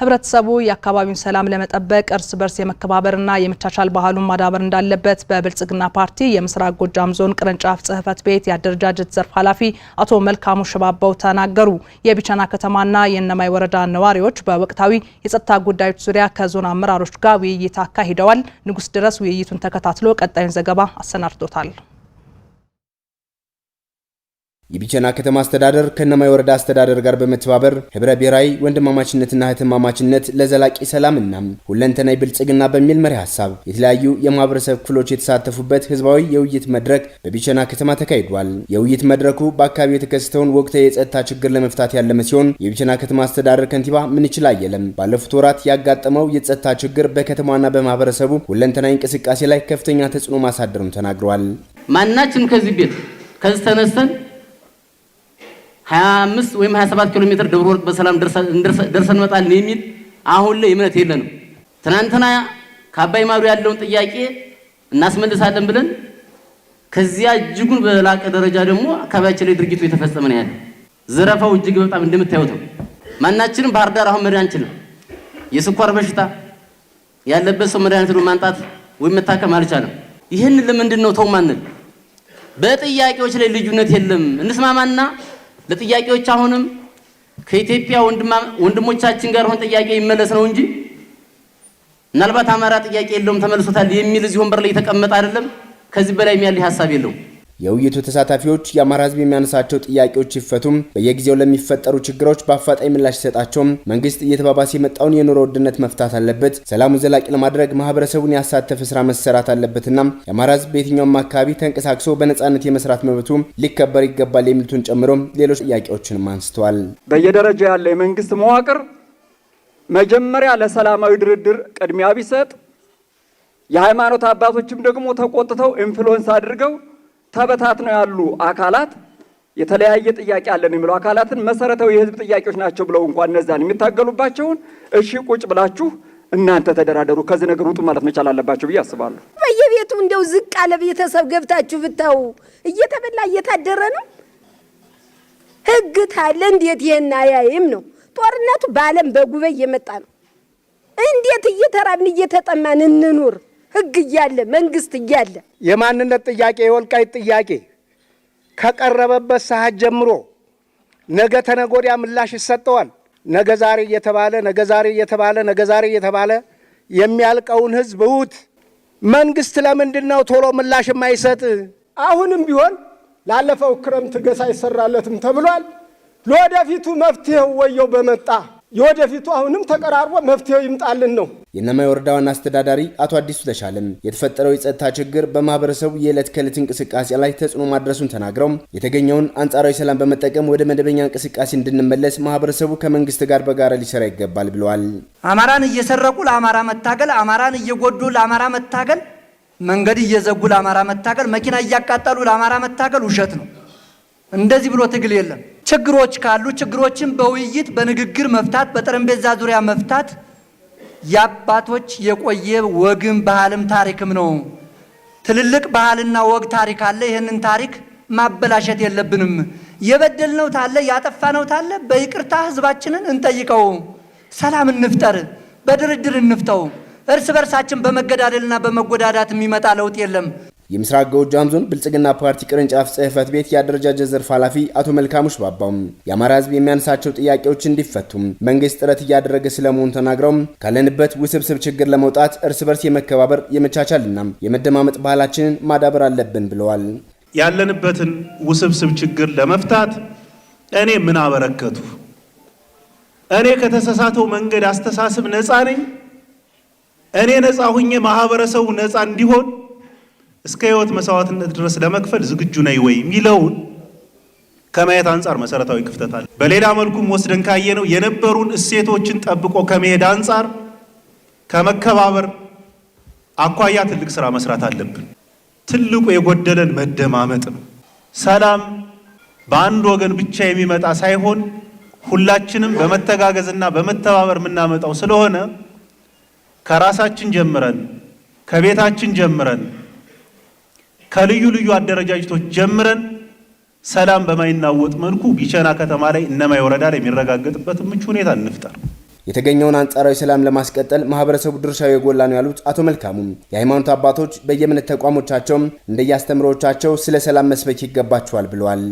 ህብረተሰቡ የአካባቢውን ሰላም ለመጠበቅ እርስ በርስ የመከባበርና የመቻቻል ባህሉን ማዳበር እንዳለበት በብልጽግና ፓርቲ የምስራቅ ጎጃም ዞን ቅርንጫፍ ጽህፈት ቤት የአደረጃጀት ዘርፍ ኃላፊ አቶ መልካሙ ሽባባው ተናገሩ። የቢቸና ከተማና የእነማይ ወረዳ ነዋሪዎች በወቅታዊ የጸጥታ ጉዳዮች ዙሪያ ከዞን አመራሮች ጋር ውይይት አካሂደዋል። ንጉስ ድረስ ውይይቱን ተከታትሎ ቀጣዩን ዘገባ አሰናድቶታል። የቢቸና ከተማ አስተዳደር ከነማ የወረዳ አስተዳደር ጋር በመተባበር ህብረ ብሔራዊ ወንድማማችነትና እህትማማችነት ለዘላቂ ሰላምና ሁለንተናዊ ብልጽግና በሚል መሪ ሀሳብ የተለያዩ የማህበረሰብ ክፍሎች የተሳተፉበት ህዝባዊ የውይይት መድረክ በቢቸና ከተማ ተካሂዷል። የውይይት መድረኩ በአካባቢው የተከሰተውን ወቅታዊ የጸጥታ ችግር ለመፍታት ያለመ ሲሆን የቢቸና ከተማ አስተዳደር ከንቲባ ምንችል አየለም ባለፉት ወራት ያጋጠመው የጸጥታ ችግር በከተማና በማህበረሰቡ ሁለንተናዊ እንቅስቃሴ ላይ ከፍተኛ ተጽዕኖ ማሳደሩን ተናግረዋል። ማናችን ከዚህ ቤት ከዚህ ተነስተን 25 ወይም 27 ኪሎ ሜትር ደብረ ወርቅ በሰላም ደርሰን እንመጣለን የሚል አሁን ላይ እምነት የለንም። ትናንትና ከአባይ ማዶ ያለውን ጥያቄ እናስመልሳለን ብለን ከዚያ እጅጉን በላቀ ደረጃ ደግሞ አካባቢያችን ላይ ድርጊቱ የተፈጸመ ነው ያለ። ዘረፋው እጅግ በጣም እንደምታዩት ማናችንም ባህር ዳር አሁን መድን አንችልም። የስኳር በሽታ ያለበት ሰው መድኃኒት ማንጣት ወይም መታከም አልቻለም። ይህን ለምንድን ነው ተው ማንል? በጥያቄዎች ላይ ልዩነት የለም። እንስማማና ለጥያቄዎች አሁንም ከኢትዮጵያ ወንድሞቻችን ጋር ሆን ጥያቄ ይመለስ ነው እንጂ ምናልባት አማራ ጥያቄ የለውም ተመልሶታል የሚል እዚህ ወንበር ላይ የተቀመጠ አይደለም። ከዚህ በላይ ያለ ሀሳብ የለውም። የውይይቱ ተሳታፊዎች የአማራ ህዝብ የሚያነሳቸው ጥያቄዎች ይፈቱም፣ በየጊዜው ለሚፈጠሩ ችግሮች በአፋጣኝ ምላሽ ይሰጣቸውም፣ መንግስት እየተባባሰ የመጣውን የኑሮ ውድነት መፍታት አለበት፣ ሰላሙን ዘላቂ ለማድረግ ማህበረሰቡን ያሳተፈ ስራ መሰራት አለበትና የአማራ ህዝብ በየትኛውም አካባቢ ተንቀሳቅሶ በነጻነት የመስራት መብቱ ሊከበር ይገባል የሚሉትን ጨምሮ ሌሎች ጥያቄዎችንም አንስተዋል። በየደረጃ ያለ የመንግስት መዋቅር መጀመሪያ ለሰላማዊ ድርድር ቅድሚያ ቢሰጥ፣ የሃይማኖት አባቶችም ደግሞ ተቆጥተው ኢንፍሉዌንስ አድርገው ነው ያሉ አካላት የተለያየ ጥያቄ አለን የሚለው አካላትን መሰረታዊ የህዝብ ጥያቄዎች ናቸው ብለው እንኳን እነዛን የሚታገሉባቸውን እሺ ቁጭ ብላችሁ እናንተ ተደራደሩ፣ ከዚህ ነገር ውጡ ማለት መቻል አለባቸው ብዬ አስባለሁ። በየቤቱ እንደው ዝቅ አለ ቤተሰብ ገብታችሁ ብታው እየተበላ እየታደረ ነው። ህግ ታለ እንዴት ይህን አያይም ነው? ጦርነቱ በዓለም በጉበ እየመጣ ነው። እንዴት እየተራብን እየተጠማን እንኑር? ህግ እያለ መንግስት እያለ የማንነት ጥያቄ የወልቃይት ጥያቄ ከቀረበበት ሰዓት ጀምሮ ነገ ተነጎዲያ ምላሽ ይሰጠዋል። ነገ ዛሬ እየተባለ ነገ ዛሬ እየተባለ ነገ ዛሬ እየተባለ የሚያልቀውን ህዝብ እውት መንግስት ለምንድን ነው ቶሎ ምላሽ የማይሰጥ? አሁንም ቢሆን ላለፈው ክረምት ገሳ አይሰራለትም ተብሏል። ለወደፊቱ መፍትሄው ወየው በመጣ የወደፊቱ አሁንም ተቀራርቦ መፍትሄው ይምጣልን ነው። የእነማይ ወረዳ ዋና አስተዳዳሪ አቶ አዲሱ ተሻለም የተፈጠረው የጸጥታ ችግር በማህበረሰቡ የዕለት ከዕለት እንቅስቃሴ ላይ ተጽዕኖ ማድረሱን ተናግረው የተገኘውን አንጻራዊ ሰላም በመጠቀም ወደ መደበኛ እንቅስቃሴ እንድንመለስ ማህበረሰቡ ከመንግስት ጋር በጋራ ሊሰራ ይገባል ብለዋል። አማራን እየሰረቁ ለአማራ መታገል፣ አማራን እየጎዱ ለአማራ መታገል፣ መንገድ እየዘጉ ለአማራ መታገል፣ መኪና እያቃጠሉ ለአማራ መታገል ውሸት ነው። እንደዚህ ብሎ ትግል የለም። ችግሮች ካሉ ችግሮችን በውይይት በንግግር መፍታት፣ በጠረጴዛ ዙሪያ መፍታት የአባቶች የቆየ ወግም ባህልም ታሪክም ነው። ትልልቅ ባህልና ወግ ታሪክ አለ። ይህንን ታሪክ ማበላሸት የለብንም። የበደልነው ታለ ያጠፋነው ታለ በይቅርታ ህዝባችንን እንጠይቀው፣ ሰላም እንፍጠር፣ በድርድር እንፍተው። እርስ በርሳችን በመገዳደልና በመጎዳዳት የሚመጣ ለውጥ የለም። የምስራቅ ጎጃም ዞን ብልጽግና ፓርቲ ቅርንጫፍ ጽህፈት ቤት የአደረጃጀት ዘርፍ ኃላፊ አቶ መልካሙ ሽባባው የአማራ ህዝብ የሚያነሳቸው ጥያቄዎች እንዲፈቱም መንግስት ጥረት እያደረገ ስለመሆኑ ተናግረው ካለንበት ውስብስብ ችግር ለመውጣት እርስ በርስ የመከባበር የመቻቻልና የመደማመጥ ባህላችንን ማዳበር አለብን ብለዋል። ያለንበትን ውስብስብ ችግር ለመፍታት እኔ ምን አበረከቱ? እኔ ከተሳሳተው መንገድ አስተሳሰብ ነፃ ነኝ። እኔ ነፃ ሁኜ ማህበረሰቡ ነፃ እንዲሆን እስከ ህይወት መስዋዕትነት ድረስ ለመክፈል ዝግጁ ነይ ወይ የሚለውን ከማየት አንጻር መሰረታዊ ክፍተት አለ። በሌላ መልኩም ወስደን ካየ ነው የነበሩን እሴቶችን ጠብቆ ከመሄድ አንጻር ከመከባበር አኳያ ትልቅ ስራ መስራት አለብን። ትልቁ የጎደለን መደማመጥ ነው። ሰላም በአንድ ወገን ብቻ የሚመጣ ሳይሆን ሁላችንም በመተጋገዝና በመተባበር የምናመጣው ስለሆነ ከራሳችን ጀምረን ከቤታችን ጀምረን ከልዩ ልዩ አደረጃጀቶች ጀምረን ሰላም በማይናወጥ መልኩ ቢቸና ከተማ ላይ እነማይ ወረዳ ላይ የሚረጋገጥበት ምቹ ሁኔታ እንፍጠር። የተገኘውን አንጻራዊ ሰላም ለማስቀጠል ማህበረሰቡ ድርሻው የጎላ ነው ያሉት አቶ መልካሙ የሃይማኖት አባቶች በየእምነት ተቋሞቻቸውም እንደየአስተምሮቻቸው ስለ ሰላም መስበክ ይገባቸዋል ብለዋል።